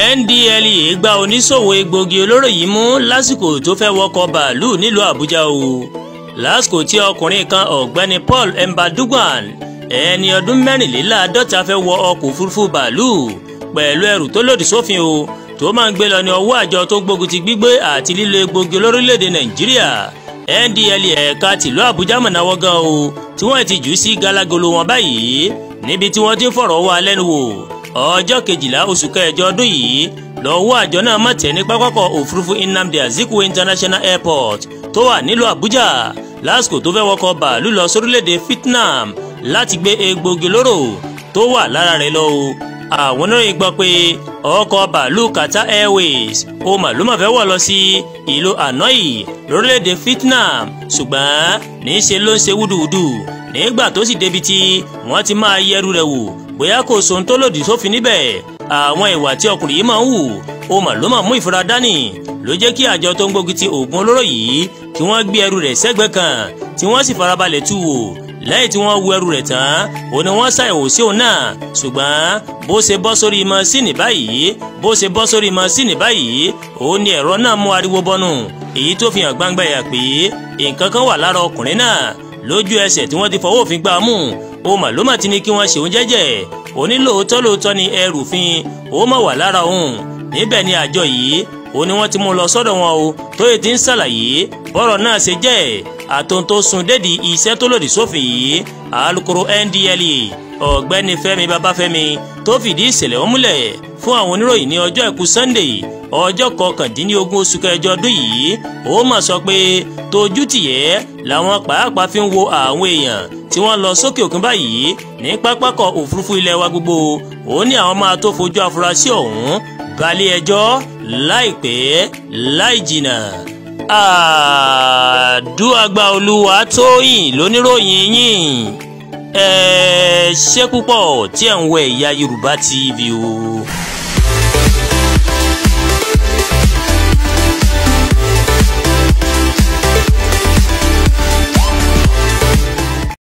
NDLEA gba oníṣòwò egbògi olóró yìí mú lásìkò tó fẹ́ wọkọ̀ bàálù nílùú Àbújá o lásìkò tí ọkùnrin kan ọ̀gbẹ́ni Paul Mbadugwan ẹni ọdún mẹ́rìnléláàádọ́ta fẹ́ wọ ọkọ̀ òfurufú bàálù pẹ̀lú ẹrù tó lòdì sófin o tó máa ń gbé lọ ní ọwọ́ àjọ tó gbógun ti gbígbé àti lílo egbògi lórílẹ̀‐èdè Nàìjíríà NDLEA ẹ̀ka tìlú Àbújá mọ̀nàwọ́ gan o tí wọ́n ti jù sí galagolo wọn báyìí níbi tí wọ́n ti ń fọ̀rọ̀ wá lẹ́nu wò ọjọ́ kejìlá oṣù kẹjọ ọdún yìí lọ́wọ́ àjọ náà má tẹ̀ ní pápákọ̀ òfurufú nnamdi azikiwe international airport tó wà nílùú àbújá lásìkò tó fẹ́ wọkọ̀ bàálù lọ sórílẹ̀‐èdè vietnam láti gbé egbògi olóró tó wà lára rẹ̀ lọ o àwọn oníròyìn gbọ́ pé ọkọ̀ bàálù qatar airways ó mà ló mà fẹ́ wọ̀ lọ sí ìlú hanoi lórílẹ̀‐èdè vietnam ṣùgbọ́n níṣe ló ń ṣe wúdùwúdù nígbà tó sì débi tí wọ́n ti máa yẹrù rẹ̀ wò bóyá kò sóhun tó lòdì sófin níbẹ̀ àwọn ìwà tí ọkùnrin yìí máa ń wù ó mà ló máa mú ìfura dání ló jẹ́ kí àjọ tó ń gbógun ti oògùn olóró yìí kí wọ́n gbé ẹrù rẹ̀ sẹ́gbẹ̀ẹ́ kan tí wọ́n sì farabalẹ̀ tú wò lẹ́yìn tí wọ́n wu ẹrù rẹ̀ tán òun ni wọ́n ṣàyẹ̀wò sí òun náà ṣùgbọ́n bó ṣe bọ́ sórí mọ́síìnì báyìí bó ṣe bọ́ sórí mọ́síìnì báyìí òun ni ẹ̀rọ náà mú ariwo bọ́nu èyí tó fi hàn gbangba yà pé nǹkan kan wà lára ọkùnrin náà lójú ẹsẹ̀ tí wọ́n ti fọwọ́ òfin gbá mú o mà ló mà ti ní kí wọ́n ṣeun jẹ́jẹ́ òní lóòótọ́ lóòótọ́ ni ẹrù fin ó mà wà lára òun níbẹ̀ ni àjọ yìí òun ni wọ́n ti mú lọ sọ́dọ̀ wọn o tóyè ti ń ṣàlàyé bọ́rọ̀ náà ṣe jẹ́ àtòun tó iṣẹ́ tó lòdì sófin yìí alukoro NDLEA ọ̀gbẹ́ni fẹ́mi babáfẹ́mi tó fìdí ìṣẹ̀lẹ̀ ọ̀hún múlẹ̀ fún àwọn oníròyìn ní ọjọ́ àìkú sunday ọjọ́ kọkàndínlógún oṣù kẹjọ ọdún yìí ó mà sọ pé tójú tìyẹ́ làwọn pàápàá fi ń wo àwọn èèyàn tí wọ́n lọ sókè òkun báyìí ní pápákọ̀ òfurufú ilẹ̀ wa gbogbo ó ní àwọn máa tó fojú afurasí ọ̀hún balẹ̀ ẹjọ́ láìpẹ́ láì jìnnà. àdúrà gba olúwa tóyìn lóníròyìn yìí ẹ ṣé púpọ̀ tí ẹ̀ ń wo Ẹ̀yà Yorùbá TV o.